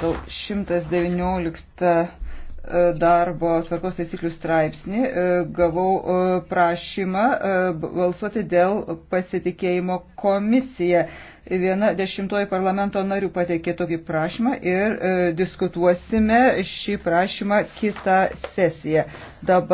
pagal 119 e, darbo tvarkos taisyklių straipsnį e, gavau e, prašymą balsuoti dėl pasitikėjimo komisiją. Viena dešimtoji parlamento narių pateikė tokį prašymą ir diskutuosime šį prašymą kitą sesiją. Dabar